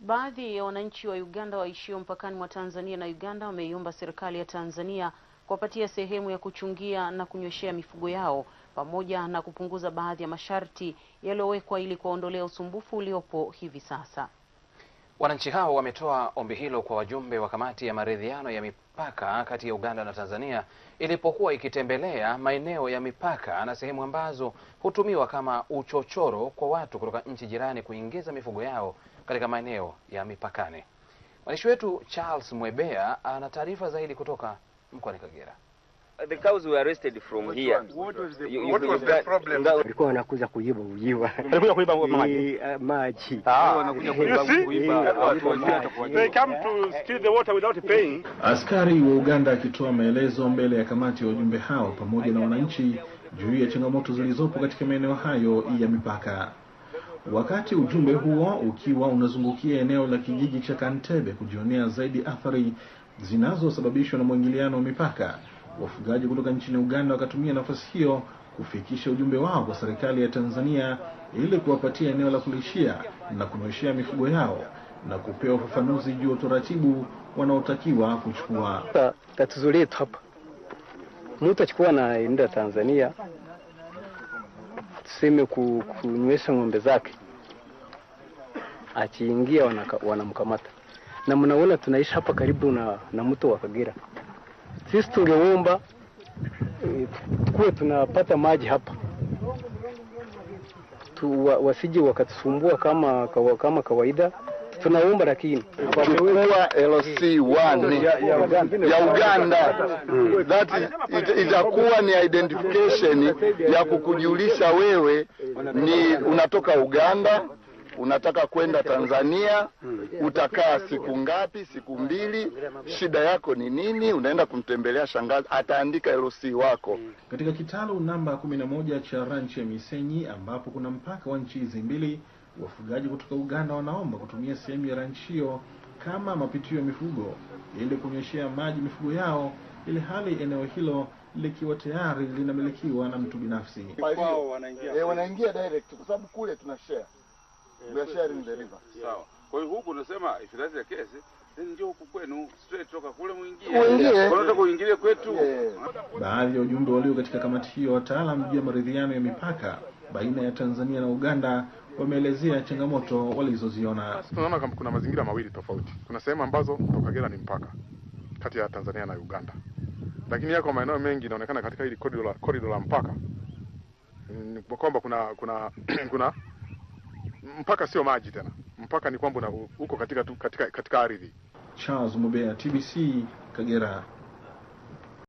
Baadhi ya wananchi wa Uganda waishio mpakani mwa Tanzania na Uganda wameiomba serikali ya Tanzania kuwapatia sehemu ya kuchungia na kunyweshea mifugo yao pamoja na kupunguza baadhi ya masharti yaliyowekwa ili kuwaondolea usumbufu uliopo hivi sasa. Wananchi hao wametoa ombi hilo kwa wajumbe wa kamati ya maridhiano ya mipaka kati ya Uganda na Tanzania ilipokuwa ikitembelea maeneo ya mipaka na sehemu ambazo hutumiwa kama uchochoro kwa watu kutoka nchi jirani kuingiza mifugo yao katika maeneo ya mipakani. Mwandishi wetu Charles Mwebea ana taarifa zaidi kutoka mkoani Kagera. The cows were arrested from here. What was the problem? What was the problem? Walikuwa wanakuja kuiba ujiwa. Walikuja kuiba maji. Uh, maji. Ah, wanakuja kuiba. They come to steal the water without paying. Askari wa Uganda akitoa maelezo mbele ya kamati ya wajumbe hao pamoja na wananchi juu ya changamoto zilizopo katika maeneo hayo ya mipaka. Wakati ujumbe huo ukiwa unazungukia eneo la kijiji cha Kantebe kujionea zaidi athari zinazosababishwa na mwingiliano wa mipaka. Wafugaji kutoka nchini Uganda wakatumia nafasi hiyo kufikisha ujumbe wao kwa serikali ya Tanzania ili kuwapatia eneo la kulishia na kunyweshea mifugo yao na kupewa ufafanuzi juu ya utaratibu wanaotakiwa kuchukua. Tatizo letu hapa, mtu achukua naenda Tanzania, tuseme kunywesha ng'ombe zake, akiingia wanamkamata, na mnaona tunaishi hapa karibu na, na mto wa Kagera. Sisi tungeomba e, tunapata maji hapa tu, wa, wasije wakatusumbua kama, kawa, kama kawaida tunaomba lakini chukua LC 1 ya Uganda That itakuwa ni identification ya kukujulisha wewe ni unatoka Uganda unataka kwenda Tanzania, utakaa siku ngapi? Siku mbili. Shida yako ni nini? Unaenda kumtembelea shangazi, ataandika LC wako mm. katika kitalu namba 11 cha ranchi ya Misenyi, ambapo kuna mpaka wa nchi hizi mbili. Wafugaji kutoka Uganda wanaomba kutumia sehemu ya ranchi hiyo kama mapitio ya mifugo ili kunyweshea maji mifugo yao, ili hali eneo hilo likiwa tayari linamilikiwa na mtu binafsi. Eh, wanaingia direct kwa sababu kule tuna share we eh, are sharing the river. Sawa. Kwa hiyo huku unasema if ya Kesi kule kwetu. Baadhi ya ujumbe walio katika kamati hiyo wataalamu juu ya maridhiano ya mipaka baina ya Tanzania na Uganda wameelezea changamoto walizoziona. Tunaona kuna mazingira mawili tofauti. Kuna sehemu ambazo Kagera ni mpaka kati ya Tanzania na Uganda, lakini yako maeneo mengi inaonekana katika hili corridor la mpaka kwamba kuna kuna kuna mpaka sio maji tena, mpaka ni kwamba uko katika, katika, katika ardhi. Charles Mubea, TBC, Kagera.